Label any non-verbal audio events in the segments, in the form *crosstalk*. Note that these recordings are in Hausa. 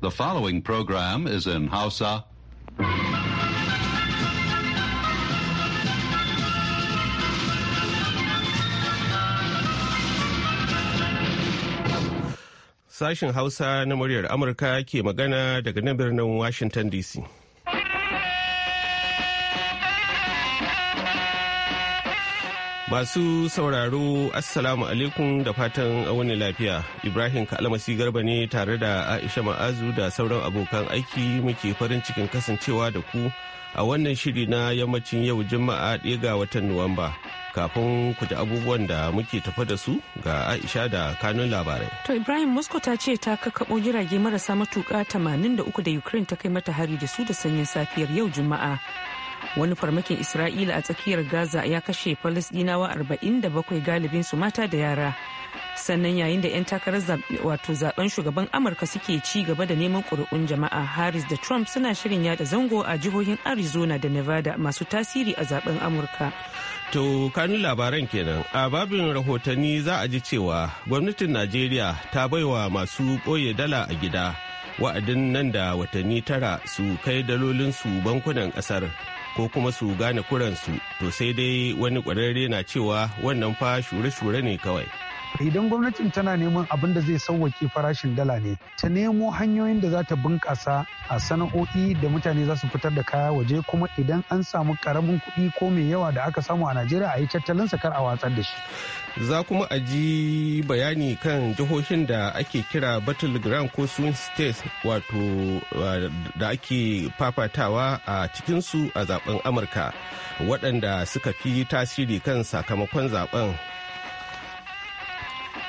The following program is in Hausa. Sashen Hausa na muryar Amurka ke magana daga nan birnin Washington DC. Masu sauraro Assalamu alaikum da fatan wani lafiya. Ibrahim Kalmasi Garba ne tare da Aisha Ma'azu da sauran abokan aiki muke farin cikin kasancewa da ku a wannan shiri na yammacin yau Juma'a ɗaya ga watan Nuwamba. Kafin ku ji abubuwan da muke tafa da su ga Aisha da kanun labarai. To Ibrahim musko ta ce ta kakkaɓo jirage marasa matuƙa 83 da Ukraine ta kai mata hari da su da sanyin safiyar yau Juma'a. wani farmakin isra'ila a tsakiyar gaza ya kashe falisdinawa 47 galibin su mata da yara sannan yayin da 'yan takarar wato zaben shugaban amurka suke ci gaba da neman ƙuri'un jama'a harris da trump suna shirin yada zango a jihohin arizona da nevada masu tasiri a zaben amurka to kanun labaran kenan a babin rahotanni za a ji cewa gwamnatin najeriya ta baiwa masu ɓoye dala a gida wa'adin nan da watanni tara su kai dalolin su bankunan ƙasar ko kuma su gane kuransu to sai dai wani kwararre na cewa wannan fa shure-shure ne kawai. idan gwamnatin tana neman abin da zai sauwake farashin dala ne ta nemo hanyoyin da za ta bunƙasa a sana'o'i da mutane za su fitar da kaya waje kuma idan an samu karamin kuɗi ko mai yawa da aka samu a najeriya a yi tattalin sakar a watsar da shi za kuma a ji bayani kan jihohin da ake kira battleground ko swing states wato da ake fafatawa a cikinsu a zaben amurka waɗanda suka fi tasiri kan sakamakon zaben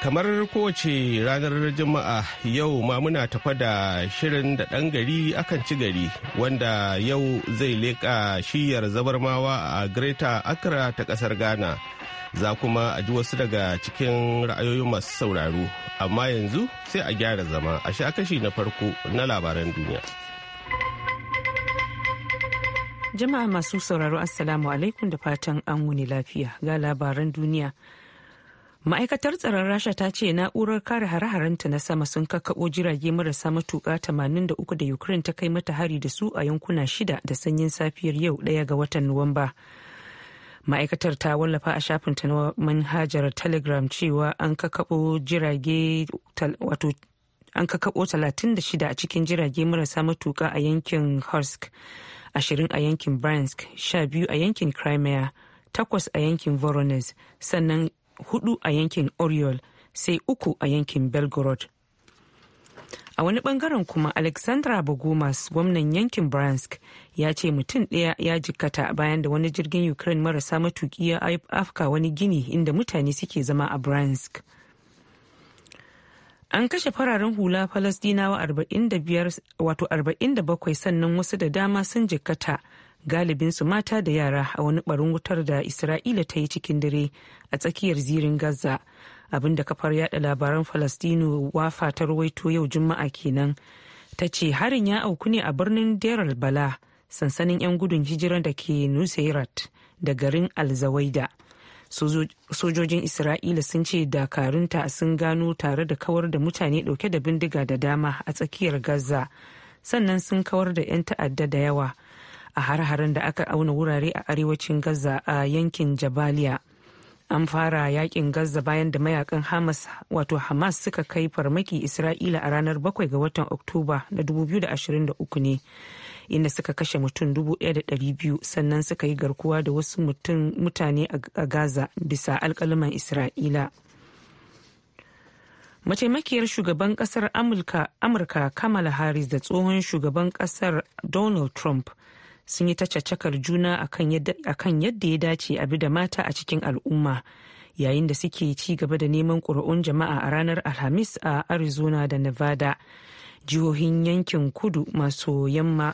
kamar kowace ranar juma'a yau ma muna tafa da shirin da ɗan gari akan ci gari wanda yau zai leƙa shiyar zabarmawa a greta accra ta ƙasar ghana za kuma a ji wasu daga cikin ra'ayoyin masu sauraro amma yanzu sai a gyara zama a sha kashi na farko na labaran duniya jama'a masu sauraro assalamu alaikum da fatan an wuni lafiya ga labaran duniya ma'aikatar tsaron rasha ta ce na'urar kare hare-harenta na sama sun kakkaɓo jirage marasa matuƙa 83 da ukraine ta kai mata hari da su a yankuna shida da sanyin safiyar yau ɗaya ga watan nuwamba ma'aikatar ta wallafa a shafin ta na manhajar telegram cewa an kakkaɓo jirage wato an kakabo 36 a cikin jirage marasa matuƙa a yankin Horsk, 20 a yankin Bryansk, 12 a yankin Crimea, takwas a yankin Voronezh, sannan hudu a yankin oriol sai uku a yankin belgorod a wani bangaren kuma alexandra bogomas gwamnan yankin bransk ya ce mutum ɗaya ya jikkata bayan da wani jirgin ukraine marasa matuki ya afka wani gini inda mutane suke zama a bransk an kashe fararen hula falasdinawa 47 sannan wasu da dama sun jikkata galibinsu mata da yara a wani barin wutar da isra'ila ta yi cikin dare a tsakiyar zirin gaza abinda kafar yada labaran falastinu wafa ta rawaito yau juma'a kenan ta ce harin ya auku ne a birnin deral bala sansanin 'yan gudun hijira da ke nusairat da garin alzawaida sojojin isra'ila sun ce dakarunta sun gano tare da kawar da mutane dauke da bindiga da dama a tsakiyar gaza sannan sun kawar da 'yan ta'adda da yawa a har-haren da aka auna wurare a arewacin gaza a yankin jabaliya an fara yakin gaza bayan da mayakan hamas wato hamas suka kai farmaki isra'ila a ranar 7 ga watan oktoba na 2023 ne inda suka kashe mutum 1,200 sannan suka yi garkuwa da wasu mutane a gaza bisa alkalaman isra'ila mataimakiyar shugaban kasar amurka kamala harris da tsohon shugaban kasar donald trump sun yi ta caccakar juna akan yadda ya dace a bi da mata a cikin al'umma yayin da suke ci gaba da neman ƙuri'un jama'a a ranar alhamis a arizona da nevada jihohin yankin kudu maso yamma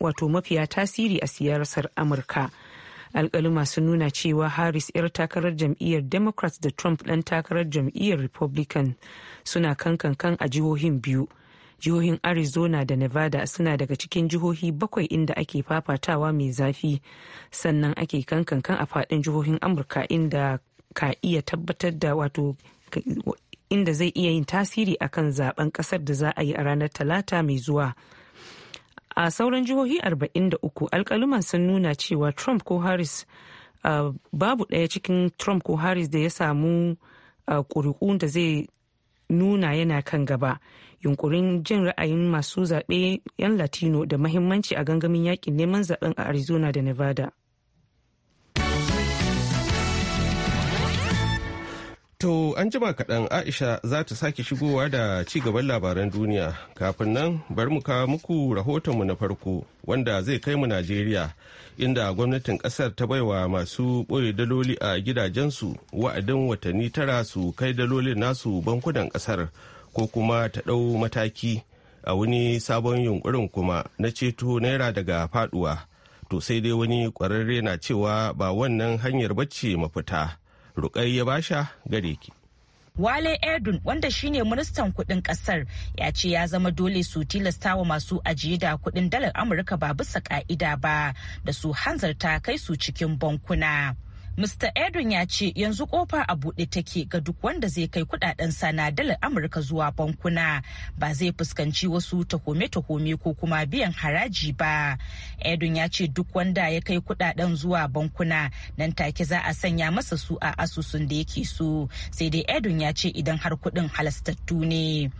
wato mafiya tasiri a siyasar amurka alkalima sun nuna cewa harris 'yar takarar jam'iyyar democrats da trump dan takarar jam'iyyar republican suna kankan kan a jihohin biyu jihohin arizona da nevada suna daga cikin jihohi bakwai inda ake fafatawa mai zafi sannan ake kankankan a faɗin jihohin amurka inda ka iya tabbatar da wato inda zai iya yin tasiri a kan zaben kasar da za a yi a ranar talata mai zuwa a sauran jihohi 43 alkaluman sun nuna cewa trump ko harris uh, babu ɗaya cikin trump ko harris da ya samu uh, da zai nuna yana kan gaba yunkurin jin ra'ayin masu zaɓe 'yan latino da mahimmanci a gangamin yakin neman zaɓen a arizona da nevada To an jima kaɗan Aisha za ta sake shigowa da ci gaban labaran duniya kafin nan bari mu kawo muku rahotonmu na farko wanda zai kai mu Najeriya inda gwamnatin ƙasar ta baiwa masu ɓoye daloli a gidajensu wa'adin watanni tara su kai dalolin nasu bankunan ƙasar ko kuma ta ɗau mataki a wani sabon yunkurin kuma na ceto naira daga faɗuwa. To sai dai wani ƙwararre na cewa ba wannan hanyar bacci mafita. ya Basha gare ki. Wale Erdun wanda shine ministan kudin kasar ya ce ya zama dole su tilasta wa masu ajiye da kudin dalar Amurka ba bisa ka'ida ba da su hanzarta kai su cikin bankuna. Mr. Edun ya ce yanzu kofa a buɗe take ga duk wanda zai kai kudaden sanadalar dalar Amurka zuwa bankuna ba zai fuskanci wasu tahome-tahome ko kuma biyan haraji ba. Edun ya ce duk wanda ya kai kudaden zuwa bankuna nan take za a sanya masa su a asusun da yake so sai dai Edun ya ce idan har kudin halastattu ne.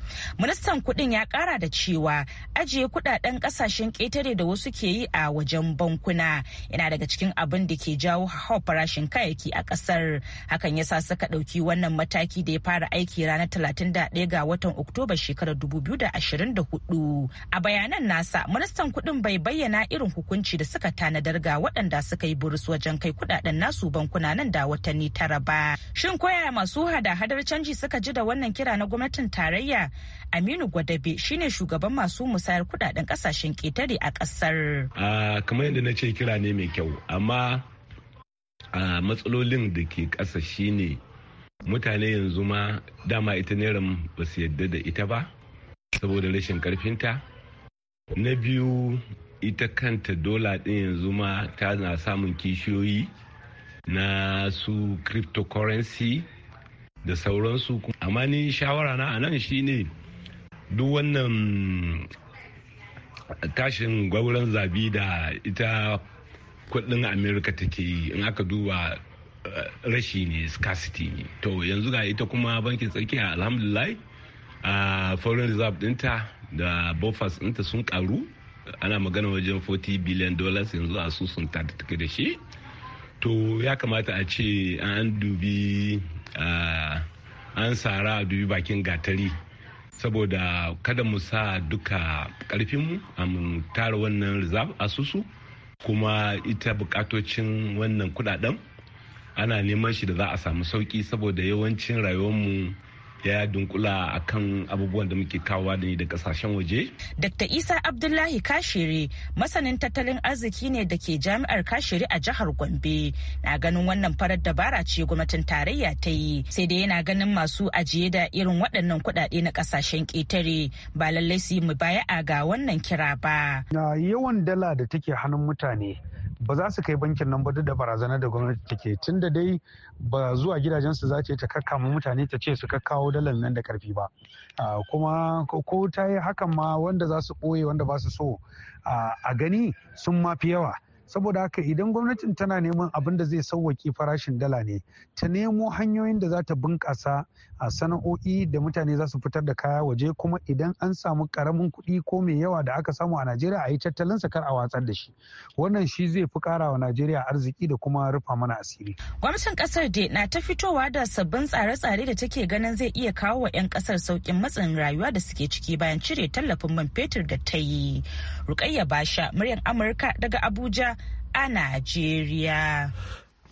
Ministan kudin ya kara da cewa ajiye kudaden kasashen ketare da wasu ke yi a wajen bankuna yana daga cikin abin da ke jawo hau farashin farashin kayayyaki a kasar hakan yasa suka ɗauki wannan mataki da ya fara aiki ranar 31 ga watan oktoba shekarar 2024 a bayanan nasa ministan kuɗin bai bayyana irin hukunci da suka tanadar ga waɗanda suka yi burus wajen kai kuɗaɗen nasu bankuna nan da watanni tara ba shin koya masu hada-hadar canji suka ji da wannan kira na gwamnatin tarayya aminu gwadabe shine shugaban masu musayar kuɗaɗen ƙasashen ketare a ƙasar ah, kamar yadda na ce kira ne mai kyau amma a matsalolin da ke ƙasa shine mutane yanzu ma dama ita neran ba su yadda da ita ba saboda rashin karfinta na biyu ita kanta dola ɗin yanzu ma tana samun kishiyoyi na su cryptocurrency da sauransu amma ni shawara na anan shine duk wannan tashin gwauron zabi da ita kudin Amurka take yi in aka duba eh, rashi ne scarcity ne to yanzu ga ita kuma bankin tsakiya alhamdulillah a ah, foreign reserve dinta da buffers dinta sun karu ana magana wajen 40 billion dollars yanzu a su sun ta take da shi to ya kamata a ce an dubi ah, an sara a dubi bakin gatari saboda kada mu sa duka karfinmu a mu tara wannan reserve asusu kuma ita bukatocin wannan kudaden ana neman shi da za a samu sauki saboda yawancin rayuwar mu. ya dunkula kan abubuwan da muke kawowa da da kasashen waje. Dr. Isa Abdullahi Kashiri masanin tattalin arziki ne da ke jami'ar Kashiri a jihar Gombe na ganin wannan farar dabara ce gwamnatin tarayya ta yi sai dai yana ganin masu ajiye da irin waɗannan kuɗaɗe na kasashen ƙetare ba lallai su yi mubaya'a ga wannan kira ba. Na yawan dala da take hannun mutane ba za su kai bankin nan ba duk da barazanar da gwamnati take tun da dai ba zuwa gidajensu za ta kakkama mutane ta ce su kakkawo dalar nan da karfi ba kuma ko ta yi hakan ma wanda za su ɓoye wanda ba su so a gani sun ma fi yawa saboda haka idan gwamnatin tana neman abin da zai sauwaƙe farashin dala ne ta nemo hanyoyin da za ta bunƙasa a sana'o'i da mutane za su fitar da kaya waje kuma idan an samu karamin kuɗi ko mai yawa da aka samu a najeriya a yi tattalin sa kar a watsar da shi wannan shi zai fi kara wa najeriya arziki da kuma rufa mana asiri gwamnatin kasar De na ta fitowa da sabbin tsare-tsare da take ganin zai iya kawo wa 'yan kasar sauƙin matsin rayuwa da suke ciki bayan cire tallafin man fetur da ta yi rukayya basha muryar amurka daga abuja a najeriya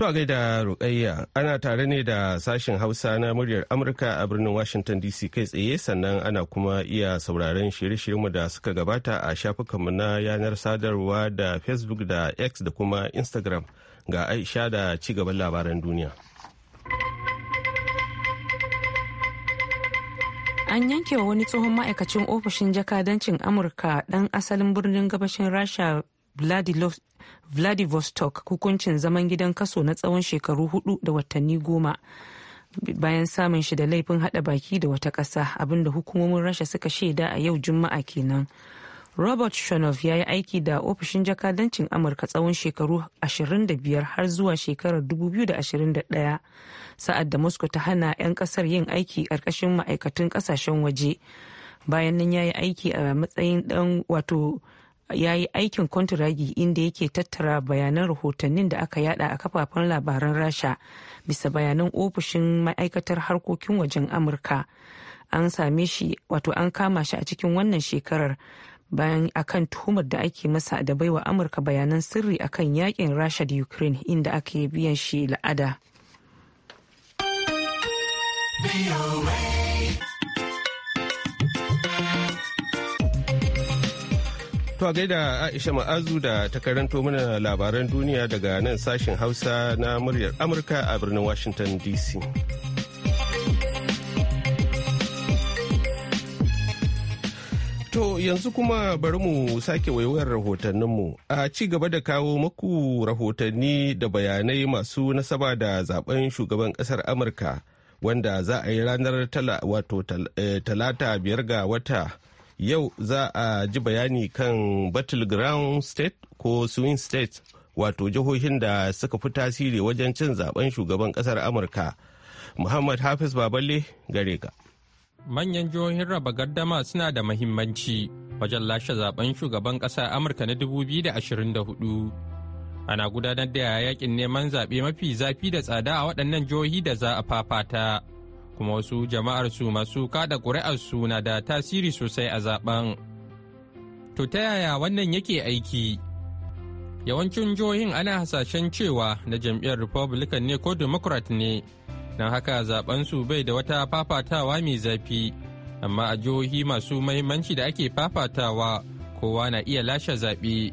To a gaida Rukayya ana tare ne da sashen Hausa na muryar Amurka a birnin Washington DC kai tsaye sannan ana kuma iya sauraron shirye-shiryenmu da suka gabata a shafukanmu na yanar sadarwa da Facebook da X da kuma Instagram ga Aisha da ci gaban labaran duniya. an yanke wa wani tsohon ma'aikacin ofishin jakadancin amurka dan asalin birnin gabashin rasha vladivostok hukuncin zaman gidan kaso na tsawon shekaru hudu da watanni goma bayan samun shi da laifin hada baki da wata kasa abinda hukumomin rasha suka shaida a yau juma'a kenan robert shonov ya yi aiki da ofishin jakadancin amurka tsawon shekaru 25 har zuwa shekarar 2021 sa'ad da moscow ta hana 'yan kasar yin aiki ƙarƙashin ma'aikatun ƙasashen waje bayan nan ya yi aiki a matsayin dan wato ya yi aikin kwantiragi inda yake tattara bayanan rahotannin da aka yada a kafafen labaran rasha bisa bayanan ofishin ma'aikatar harkokin wajen amurka an same shi wato an kama shi a cikin wannan shekarar bayan akan tuhumar da ake masa da baiwa amurka bayanan sirri akan yakin rasha da ukraine inda ake biyan shi la'ada. To a gaida Aisha Ma'azu da ta karanto mana labaran duniya daga nan sashen Hausa na muryar Amurka a birnin Washington DC. To yanzu kuma bari mu sake waiwayar rahotanninmu a ci gaba da kawo maku rahotanni da bayanai masu nasaba da zaben shugaban kasar Amurka wanda za a yi ranar eh, talata biyar ga wata yau za a ji bayani kan battleground state ko swing state wato jihohin da suka fi tasiri wajen cin zaben shugaban kasar amurka muhammad hafiz baballe gare ka manyan jihohin raba gardama suna da mahimmanci wajen lashe zaben shugaban kasar amurka na 2024 ana gudanar da yakin neman zaɓe mafi zafi da tsada a waɗannan jihohi da za a fafata kuma wasu jama'ar su masu kada ƙuri'ar su na da tasiri sosai a zaben. To ta yaya wannan yake aiki? Yawancin jihohin ana hasashen cewa na jam'iyyar Republican ne ko Democrat ne, don haka zaben su bai da wata fafatawa mai zafi, amma a jihohi masu mahimmanci da ake fafatawa kowa na iya lashe zaɓe.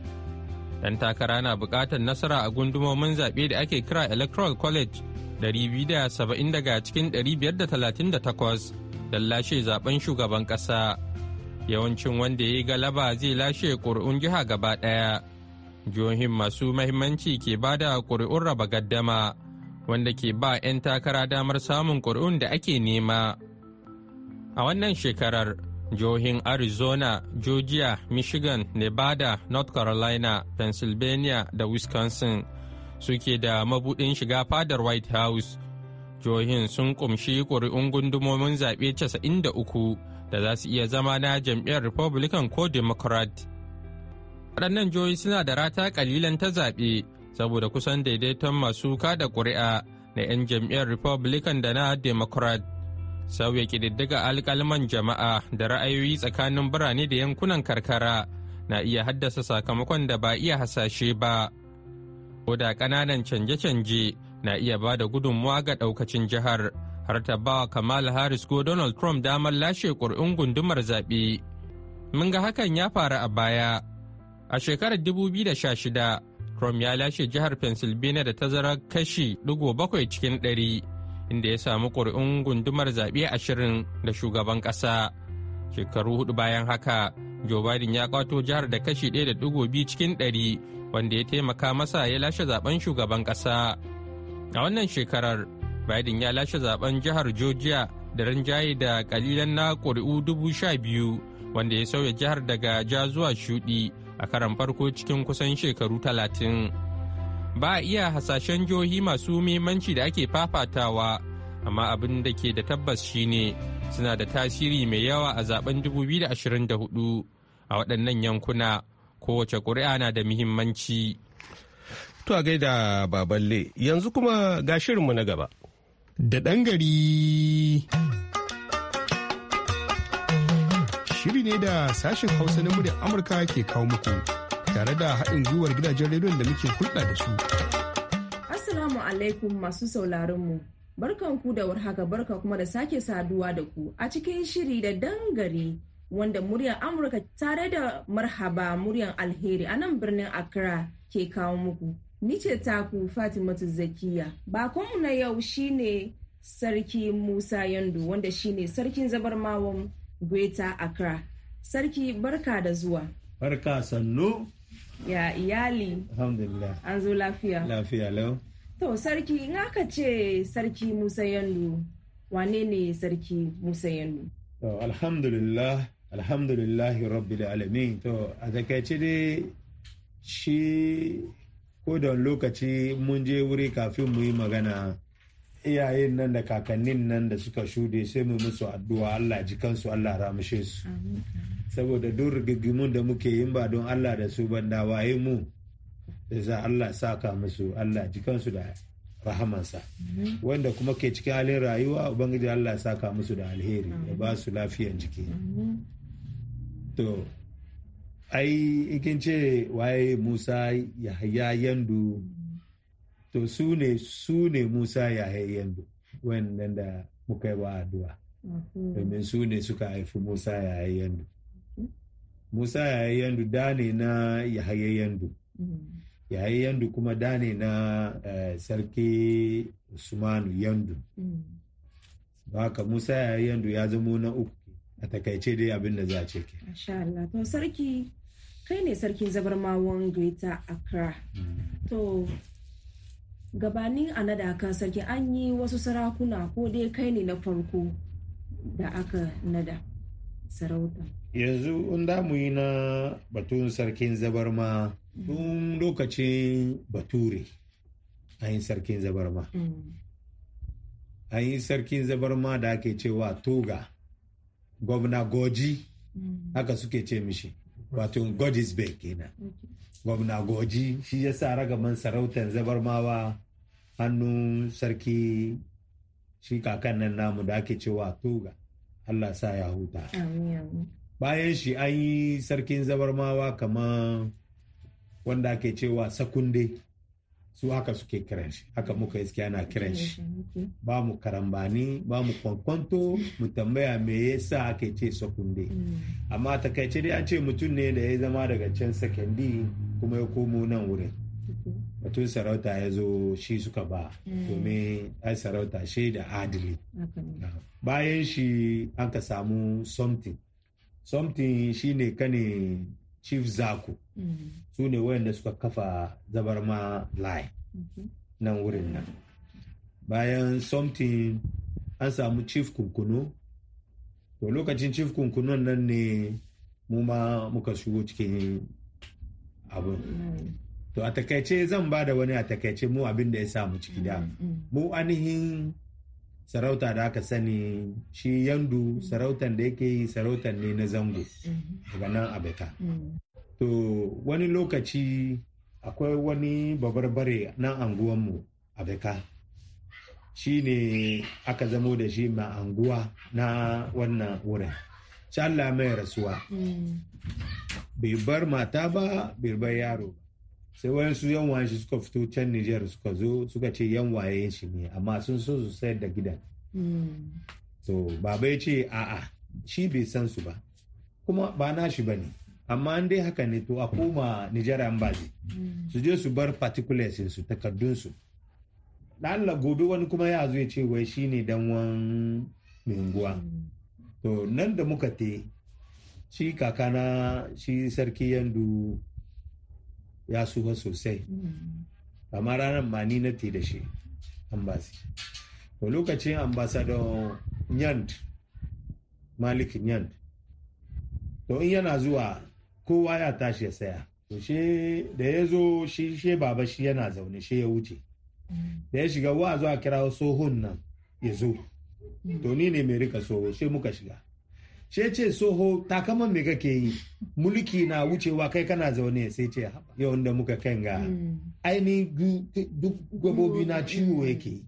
ɗan takara na buƙatar nasara a gundumomin zaɓe da ake kira Electoral College 270 daga cikin 538 don lashe zaben shugaban ƙasa yawancin wanda ya yi galaba zai lashe ƙuri'un jiha gaba ɗaya jihohin masu mahimmanci ke ba da ƙuri'un raba gaddama wanda ke ba 'yan takara damar samun ƙuri'un da ake nema a wannan shekarar jihohin arizona georgia michigan nevada north carolina pennsylvania da wisconsin suke da mabudin shiga fadar white house jihohin sun kumshi ƙuri'un gundumomin zaɓe 93 da za su iya zama na jam'iyyar republican ko democrat waɗannan jihohi suna da rata ƙalilan ta zaɓe saboda kusan daidaiton masu kada ƙuri'a na 'yan jam'iyyar republican da na democrat sauya ƙididdiga alƙalman jama'a da ra'ayoyi tsakanin birane da yankunan karkara na iya haddasa sakamakon da ba iya hasashe ba. ko da ƙananan canje-canje na iya ba da gudunmuwa ga ɗaukacin jihar har ta ba Kamal Harris ko Donald Trump damar lashe ƙuri'un gundumar zaɓe. Mun ga hakan ya faru a baya. A shekarar 2016, Trump ya lashe jihar Pennsylvania da tazara kashi bakwai cikin ɗari, inda ya samu ƙuri'un gundumar zaɓe ashirin da shugaban ƙasa. Shekaru hudu bayan haka, Joe ya kwato jihar da kashi ɗaya da ɗigo biyu cikin ɗari wanda ya taimaka masa ya lashe zaben shugaban ƙasa. A wannan shekarar, Biden ya lashe zaben jihar Georgia da rinjaye da kalilan na ƙuri'u dubu sha biyu wanda ya sauya jihar daga ja zuwa shuɗi a karan farko cikin kusan shekaru talatin. Ba a iya hasashen jihohi masu muhimmanci da ake fafatawa, amma abin da ke da tabbas shine suna da tasiri mai yawa a zaben 2024 a waɗannan yankuna. kowace ƙuri'a na da muhimmanci. To a gaida baballe yanzu kuma ga shirinmu na gaba. Da ɗan gari. Shiri ne da sashen Hausa na muryar Amurka ke kawo muku tare da haɗin gwiwar gidajen rediyon da muke hulɗa da su. Assalamu alaikum masu sauraronmu. Barkan ku da warhaka barka kuma da sake saduwa da ku a cikin shiri da dangare wanda muryar Amurka tare da marhaba muryar alheri a nan birnin Accra ke kawo muku. Ni ce taku Fatimatu Zakiya. Bakonmu na yau shine Sarki Musa Yandu wanda shine Sarkin Zabarmawan Greater Accra. Sarki barka da zuwa. Barka sannu. Ya iyali. Alhamdulillah. An zo lafiya. Lafiya lau. To sarki in aka ce sarki Musa Yandu? wane ne sarki Musa Yando? alhamdulillah alhamdulillahi rabbil alamin to a takaice dai shi ko da lokaci mun je wuri kafin mu yi magana iyayen nan da kakannin nan da suka shude sai mu musu addu'a Allah ji kansu Allah ramushe su saboda duk rigigimun da muke yin ba don Allah da su ban da waye mu da za Allah saka musu Allah ji kansu da rahamansa wanda kuma ke cikin halin rayuwa ubangiji Allah saka musu da alheri ya ba su lafiyan jiki to ai ikin ce waye musa yahaya yandu to su ne su ne musa yahaya yandu wannan da muka yi wa addu'a mhm. domin su ne suka haifi musa yahaya yandu mhm. musa yahaya yandu da ne na yahaya yandu mhm. yayi yandu kuma da ne na eh, sarki usmanu yandu Ba ka musa yayi yandu ya zama na uku a takaice dai abin da za a ce ke. Allah to sarki kai ne sarkin mawon Greater Accra. Mm. To gabanin anada kan sarki an yi wasu sarakuna ko dai kai ne na farko da aka nada sarauta. Yanzu in da mu yi na batun sarkin zabarma mm. tun lokacin bature an yi sarkin zabarma. Mm. An yi sarkin zabarma da ake cewa toga. gwamna goji mm. haka suke ce mishi wato godisbay kenan gwamna goji shi ya sa ragaman sarautar zabarmawa hannun sarki shi kakan nan namu da ake cewa toga allah sa ya huta bayan shi an yi sarkin zabarmawa kamar wanda ake cewa sakunde su haka suke kiran shi haka muka iske ana kiran shi ba mu karambani ba mu kwankwanto mu tambaya me yasa ake ce sakunde hmm. amma takaice dai an ce mutum ne da ya zama daga can sakandi kuma ya komo nan wurin batun sarauta ya zo shi suka ba hmm. domin ai sarauta shi da adili bayan shi an ka samu something something shine kane chief zaku mm-hmm. su ne wayanda suka kafa zabarma line mm-hmm. nan wurin nan bayan something an samu chief kunkuno to lokacin chief kunkunon nan ne mu ma muka shigo cikin abin mm-hmm. to a takaice zan ba da wani a takaice mu abin da ya samu ciki da mu ainihin sarauta da aka sani shi yandu mm. sarautan da yake yi sarautan ne na zango mm-hmm. daga nan abeka mm. to wani lokaci akwai wani babarbare nan anguwanmu abeka shi ne aka zamo da shi ma anguwa na wannan wurin Allah mai rasuwa mm. bai bar mata ba bai bar yaro ba sai su yan waye shi suka fito can Nijar suka zo suka ce yan waye shi ne amma sun so su sayar da gidan hmm. so baba yace a'a shi bai san su ba kuma ba na shi bane amma an dai haka ne to a koma Nijar ambazi hmm. su je su bar particulars su takardun su Allah gobe wani kuma ya zo ya ce wai shi ne dan wan minguwa hmm. to nan da muka te shi kakana shi sarki yandu ya sufa sosai amma ranar ma ni na da shi ambasi to lokacin ambasadon yand malik yand to in yana zuwa kowa ya tashi ya saya to she da ya zo shi she baba shi yana zaune she ya wuce da ya shiga wa zuwa kira tsohon nan ya zo to ni ne mai rika soho she muka shiga she ce soho takaman me kake yi mulki na wucewa kai kana zaune sai ce yau da muka kan ga hmm. aini duk gwabobi na ciwo yake yi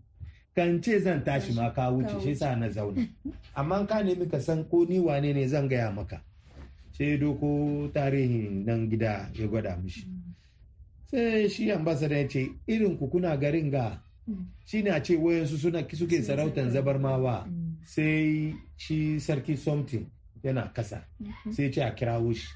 kan ce zan tashi ma ka wuce shi sa na zaune. *laughs* amma ka nemi ka san ko ni wane ne zan gaya maka sai doko tarihin nan gida ya gwada mishi sai shi ambasada ya ce irin ku kuna garin ga hmm. shi na ce wayansu suna suke sarautan zabarmawa hmm. sai shi sarki something yana kasa mhm. sai ce a kira shi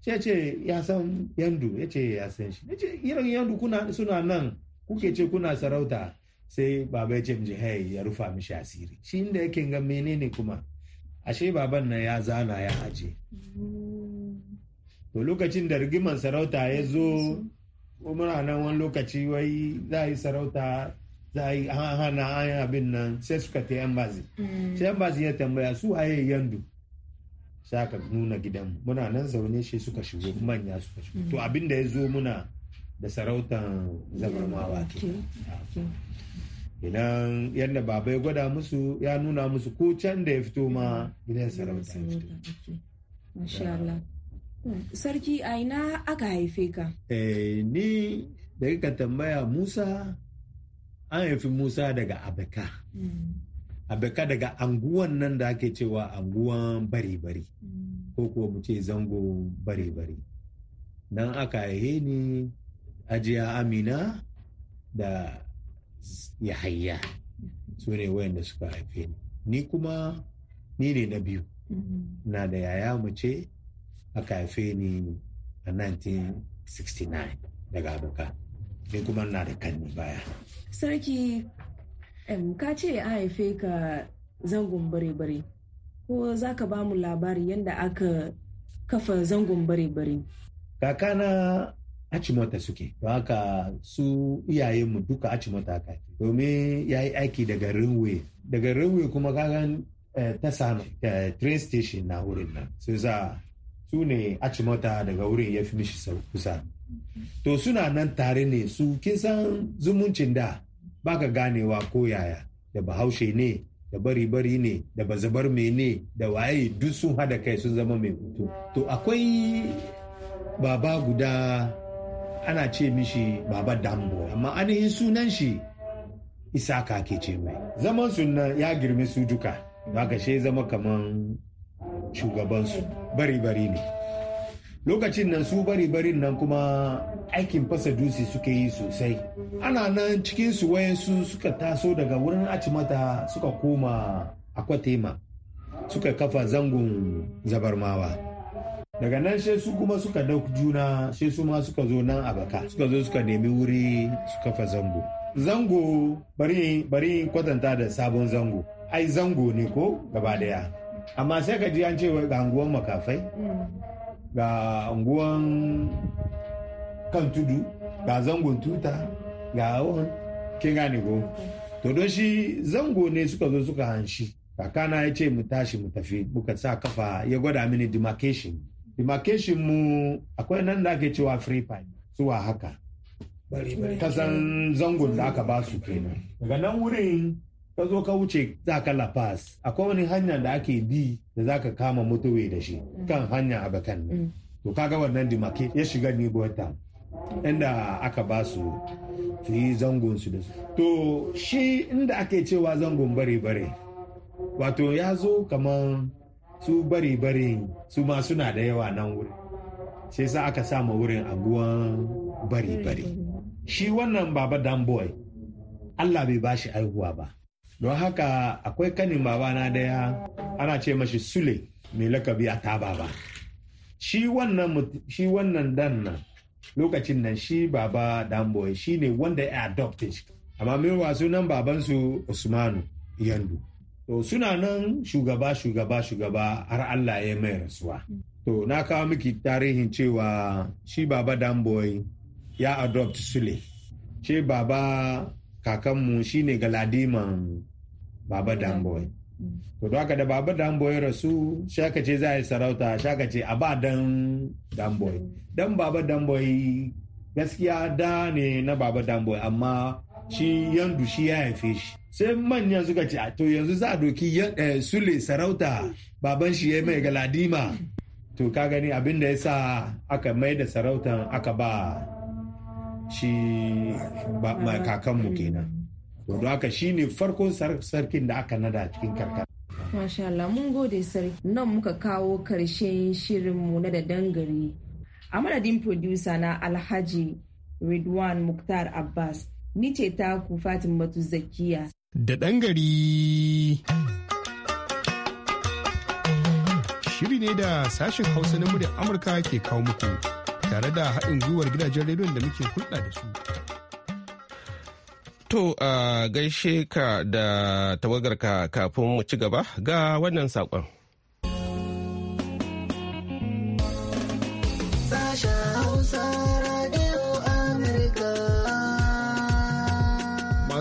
sai ce ya san yandu ya ce ya san shi ce irin yandu kuna suna nan kuke ce kuna sarauta sai baba ya ce mji hey ya rufa mishi asiri shi inda yake ga menene kuma ashe baban nan ya zana ya aje to lokacin da rigiman sarauta ya zo muna wani lokaci wai za a yi sarauta za a yi hana an abin nan sai suka ta embassy mm. sai bazi ya tambaya su yi yandu sai aka nuna gidan muna nan zaune shi suka shigo manya suka shigo mm. to abin da ya zo muna da sarautan zabarmawa ke idan yadda baba ya gwada musu ya nuna musu ko can da ya fito ma gidan sarauta hmm, sarki a ina aka haife ka eh, ni da kika tambaya musa an haifi musa daga abeka hmm. abeka daga anguwan nan da ake cewa anguwan bari-bari, hmm. ko kuwa mu ce zango bari-bari. nan aka haihe ni ajiya amina da Yahaya, hmm. su ne wayanda suka haife ni ni kuma ni ne na biyu na da yaya mu ce aka haife ni a 1969 daga abeka ni kuma na da kanni baya sarki ka ce a haife ka zangon bare-bare ko za ka ba mu labarin yadda aka kafa zangon bare-bare kakana acimota suke don haka su iyayenmu duka acimota aka domin ya yi aiki daga Rinwe, daga Rinwe kuma kagan eh, ta sami eh, train station na wurin nan su za su ne acimota daga wurin ya fi mishi kusa to suna nan tare ne su kin san zumuncin da baka ganewa ko yaya da bahaushe ne da bari-bari ne da bazabar ne da waye duk sun hada kai sun zama mai mutu to akwai baba guda ana ce mishi baba dambo amma ainihin sunan shi isaka ke ce mai zaman sunan ya girmi su duka ba ka zama kaman shugabansu bari-bari ne lokacin nan su bari barin nan kuma aikin fasa dutse suka yi sosai ana nan cikin su wayansu suka taso daga wurin acimata suka koma akwatema suka kafa zangon zabarmawa daga nan sai su kuma suka dauk juna sai su ma suka zo nan abaka suka zo suka nemi wuri su kafa zango zango bari bari kwatanta da sabon zango ai zango ne ko gaba daya amma sai ka ji an ce ga anguwan makafai mm. ga unguwan kan tudu ga zangon tuta ga awon kinga ne ko to don shi zango ne suka zo suka hanshi kakana ya ce mu tashi mu tafi muka sa kafa ya gwada mini demarcation demarcation mu akwai nan da ake cewa free pine zuwa haka kasan zangon da aka ba su kenan daga nan wurin ka zo ka wuce za ka lafas akwai wani hanya da ake bi da za ka kama motowe da shi mm. kan hanya a bakan mm. to kaga wannan dimake ya shiga ni ta inda aka ba su su yi zangon su da su to shi inda ake cewa zangon bare-bare wato ya zo kamar su bare-bare su ma suna da yawa nan wuri sai sa aka sama wurin anguwan bare-bare mm. shi wannan baba dan boy Allah bai bashi shi aihuwa ba don haka akwai kanin babana daya ana ce mashi sule mai lakabi a ta baba shi wannan dan nan lokacin nan shi baba damboy shi ne wanda ya adopted shi amma mewa sunan babansu usmanu yandu to suna nan shugaba shugaba shugaba har allah ya mai rasuwa to na kawo miki tarihin cewa shi baba damboy ya adopt sule ce baba kakanmu shine galadiman baba damboy to da da baba damboy rasu shaka ce za a yi sarauta shaka ce a ba dan damboy dan baba damboy gaskiya da ne na baba damboy amma shi yandu shi ya haife shi sai manyan suka ce a to yanzu za a doki eh, sule sarauta baban shi ya mai galadima to ka gani abin da ya sa aka mai da sarautan aka ba shi mm-hmm. kakanmu kenan don haka shi ne farkon sarkin da aka nada cikin karkara Masha Allah mun gode sarki nan muka kawo karshen shirinmu na da dangare a madadin producer na alhaji Ridwan Muktar Abbas ni ce ta ku taku Batu Zakiya da dangare shiri ne da sashen hausa na muryar amurka ke kawo muku tare da haɗin gwiwar gidajen rediyon da muke hulɗa da su. To a gaishe ka da tawagarka kafin mu ci gaba ga wannan saƙon.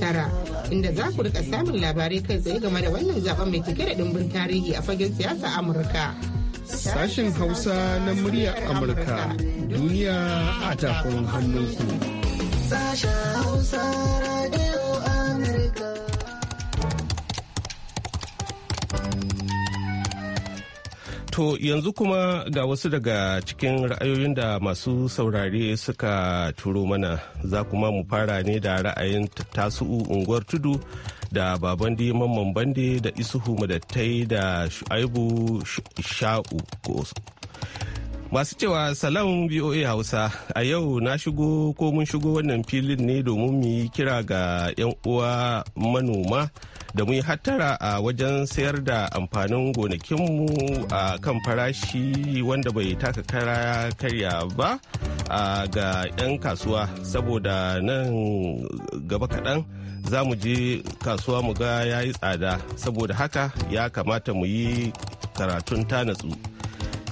tara inda za ku rika samun labarai kai tsaye game da wannan zaben mai cike da dimbin tarihi a fagen siyasa Amurka. Sashen Hausa na murya Amurka duniya a takon hannunku. Sashen Hausa Radio. To yanzu kuma ga wasu daga cikin ra'ayoyin da masu saurare suka turo mana za kuma mu fara ne da ra'ayin tasu'u unguwar tudu da babandi mamman bande da isuhu madattai da shu'aibu sha'u Masu cewa salam BOA Hausa a yau na shigo ko mun shigo wannan filin ne domin mu yi kira ga 'yan uwa manoma da mu yi hattara a wajen sayar da amfanin gonakinmu a kan farashi wanda bai taka kara karya ba ga 'yan kasuwa saboda nan gaba kaɗan za mu je kasuwa mu ga ya yi tsada saboda haka ya kamata mu yi karatun tanatsu.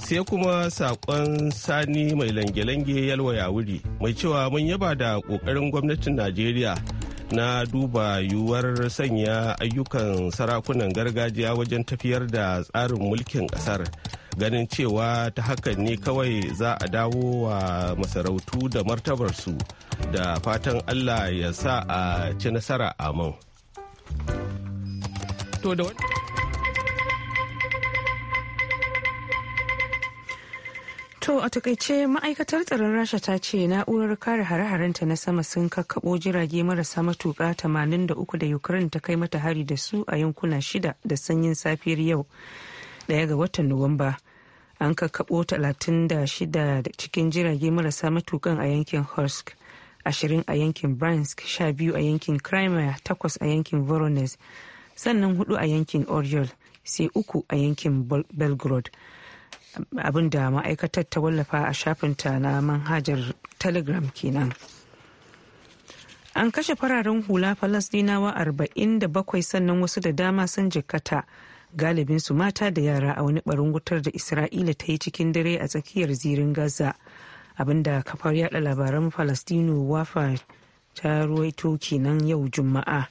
sai kuma sakon sani mai lange-lange yalwaya wuri mai cewa mun yaba da kokarin gwamnatin najeriya na duba yiwuwar sanya ayyukan sarakunan gargajiya wajen tafiyar da tsarin mulkin kasar ganin cewa ta hakan ne kawai za a dawo wa masarautu da martabarsu da fatan allah ya sa a ci nasara a to To a takaice ma'aikatar tsaron Rasha ta ce na'urar kare hare-harenta na sama sun kakkaɓo jirage marasa matuƙa 83 da Ukraine ta kai mata hari da su a yankuna shida da sanyin safiyar yau daya ga watan Nuwamba. An kakkaɓo 36 cikin jirage marasa matukan a yankin Horsk. ashirin a yankin Bransk, sha biyu a yankin Crimea, takwas a yankin Voronezh, sannan hudu a yankin Oriol, sai uku a yankin Belgrade. abin da ma'aikatar ta wallafa a shafinta na manhajar telegram kenan an kashe fararen hula falasdinawa bakwai sannan wasu da dama sun jikkata galibin su mata da yara a wani barin wutar da isra'ila ta yi cikin dare a tsakiyar zirin gaza abinda kafar yada labaran falasdino wafa ta ruwaito kenan yau juma'a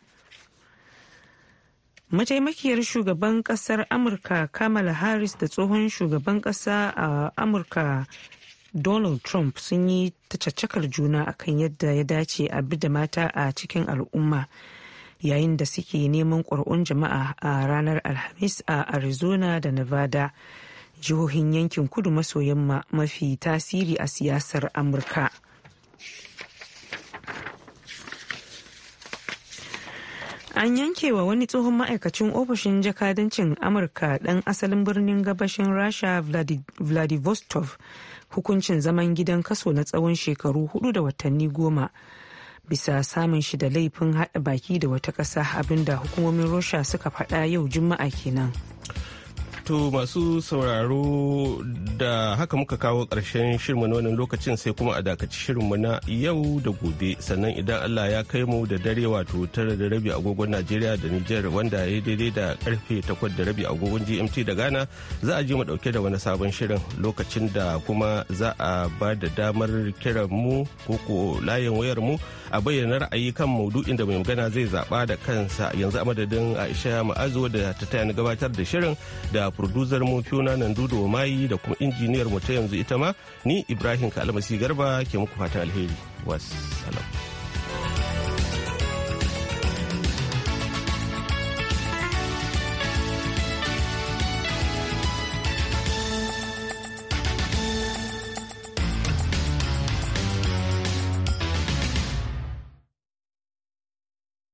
mataimakiyar shugaban kasar amurka kamala harris da tsohon shugaban kasa a amurka donald trump sun yi tacaccakar juna akan yadda ya dace a bi da mata a cikin al'umma yayin da suke neman ƙwar'un jama'a a ranar alhamis a arizona da nevada jihohin yankin kudu maso yamma mafi tasiri a siyasar amurka an yanke wa wani tsohon ma'aikacin ofishin jakadancin amurka dan asalin birnin gabashin rasha vladivostok hukuncin zaman gidan kaso na tsawon shekaru hudu da watanni goma bisa samun shi da laifin haɗa baki da wata kasa abinda hukumomin rasha suka faɗa yau juma'a kenan. To masu sauraro da haka muka kawo ƙarshen shirinmu na wannan lokacin sai kuma a dakaci shirinmu na yau da gobe sannan idan Allah ya kai mu da dare wato tara da rabi agogon Najeriya da Nijar wanda ya daidai da karfe takwas da rabi agogon GMT da Ghana za a je mu dauke da wani sabon shirin lokacin da kuma za a ba da damar kiran mu ko ko layin wayar mu a bayyana ra'ayi kan maudu'in da mai magana zai zaɓa da kansa yanzu a madadin Aisha Ma'azu da ta gabatar da shirin da producer mu Fiona wa Mai da kuma injiniyar mu ta yanzu ita ma ni Ibrahim Kalmasi Garba ke muku fatan alheri. Wassalam.